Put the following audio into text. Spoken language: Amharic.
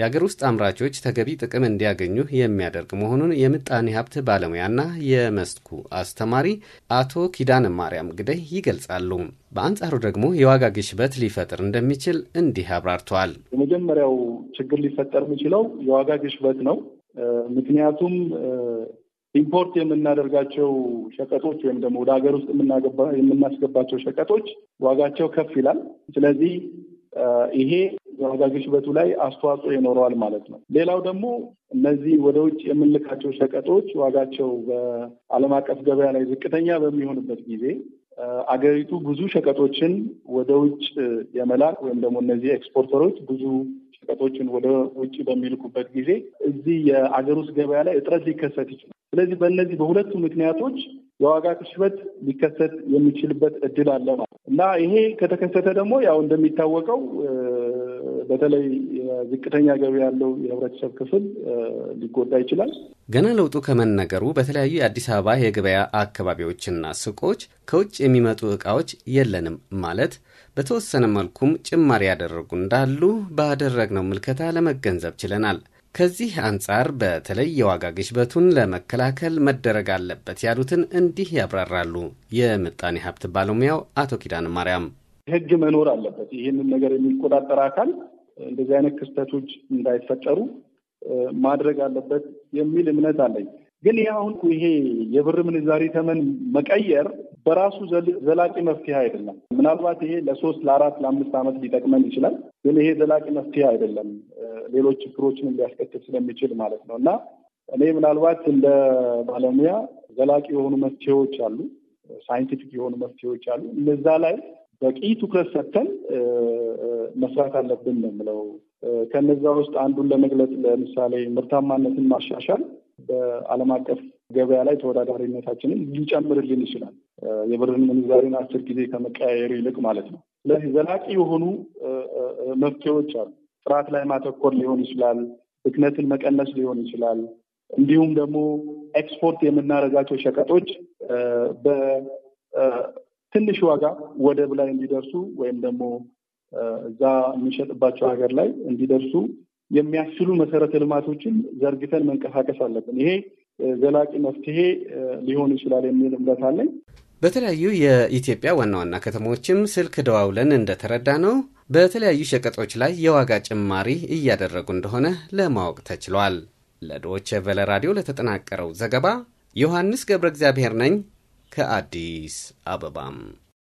የአገር ውስጥ አምራቾች ተገቢ ጥቅም እንዲያገኙ የሚያደርግ መሆኑን የምጣኔ ሀብት ባለሙያና የመስኩ አስተማሪ አቶ ኪዳነ ማርያም ግደይ ይገልጻሉ። በአንጻሩ ደግሞ የዋጋ ግሽበት ሊፈጥር እንደሚችል እንዲህ አብራርተዋል። የመጀመሪያው ችግር ሊፈጠር የሚችለው የዋጋ ግሽበት ነው። ምክንያቱም ኢምፖርት የምናደርጋቸው ሸቀጦች ወይም ደግሞ ወደ ሀገር ውስጥ የምናስገባቸው ሸቀጦች ዋጋቸው ከፍ ይላል። ስለዚህ ይሄ የዋጋ ግሽበቱ ላይ አስተዋጽኦ ይኖረዋል ማለት ነው። ሌላው ደግሞ እነዚህ ወደ ውጭ የምንልካቸው ሸቀጦች ዋጋቸው በዓለም አቀፍ ገበያ ላይ ዝቅተኛ በሚሆንበት ጊዜ አገሪቱ ብዙ ሸቀጦችን ወደ ውጭ የመላክ ወይም ደግሞ እነዚህ ኤክስፖርተሮች ብዙ ሸቀጦችን ወደ ውጭ በሚልኩበት ጊዜ እዚህ የአገር ውስጥ ገበያ ላይ እጥረት ሊከሰት ይችላል። ስለዚህ በእነዚህ በሁለቱ ምክንያቶች የዋጋ ግሽበት ሊከሰት የሚችልበት እድል አለ ማለት እና ይሄ ከተከሰተ ደግሞ ያው እንደሚታወቀው በተለይ ዝቅተኛ ገቢ ያለው የህብረተሰብ ክፍል ሊጎዳ ይችላል። ገና ለውጡ ከመነገሩ በተለያዩ የአዲስ አበባ የገበያ አካባቢዎችና ሱቆች ከውጭ የሚመጡ እቃዎች የለንም ማለት በተወሰነ መልኩም ጭማሪ ያደረጉ እንዳሉ ባደረግነው ምልከታ ለመገንዘብ ችለናል። ከዚህ አንጻር በተለይ የዋጋ ግሽበቱን ለመከላከል መደረግ አለበት ያሉትን እንዲህ ያብራራሉ የምጣኔ ሀብት ባለሙያው አቶ ኪዳን ማርያም። ህግ መኖር አለበት። ይህንን ነገር የሚቆጣጠር አካል እንደዚህ አይነት ክስተቶች እንዳይፈጠሩ ማድረግ አለበት የሚል እምነት አለኝ። ግን ይህ አሁን ይሄ የብር ምንዛሪ ተመን መቀየር በራሱ ዘላቂ መፍትሄ አይደለም። ምናልባት ይሄ ለሶስት ለአራት ለአምስት ዓመት ሊጠቅመን ይችላል። ግን ይሄ ዘላቂ መፍትሄ አይደለም፣ ሌሎች ችግሮችን ሊያስከትል ስለሚችል ማለት ነው እና እኔ ምናልባት እንደ ባለሙያ ዘላቂ የሆኑ መፍትሄዎች አሉ፣ ሳይንቲፊክ የሆኑ መፍትሄዎች አሉ። እነዛ ላይ በቂ ትኩረት ሰጥተን መስራት አለብን ነው የምለው። ከነዛ ውስጥ አንዱን ለመግለጽ ለምሳሌ ምርታማነትን ማሻሻል በዓለም አቀፍ ገበያ ላይ ተወዳዳሪነታችንን ሊጨምርልን ይችላል። የብርን ምንዛሬን አስር ጊዜ ከመቀያየር ይልቅ ማለት ነው። ስለዚህ ዘላቂ የሆኑ መፍትሄዎች አሉ። ጥራት ላይ ማተኮር ሊሆን ይችላል። ብክነትን መቀነስ ሊሆን ይችላል። እንዲሁም ደግሞ ኤክስፖርት የምናደርጋቸው ሸቀጦች በትንሽ ዋጋ ወደብ ላይ እንዲደርሱ ወይም ደግሞ እዛ የሚሸጥባቸው ሀገር ላይ እንዲደርሱ የሚያስችሉ መሰረተ ልማቶችን ዘርግተን መንቀሳቀስ አለብን። ይሄ ዘላቂ መፍትሄ ሊሆን ይችላል የሚል እምነት አለኝ። በተለያዩ የኢትዮጵያ ዋና ዋና ከተሞችም ስልክ ደዋውለን እንደተረዳ ነው በተለያዩ ሸቀጦች ላይ የዋጋ ጭማሪ እያደረጉ እንደሆነ ለማወቅ ተችሏል። ለዶች ቨለ ራዲዮ ለተጠናቀረው ዘገባ ዮሐንስ ገብረ እግዚአብሔር ነኝ ከአዲስ አበባም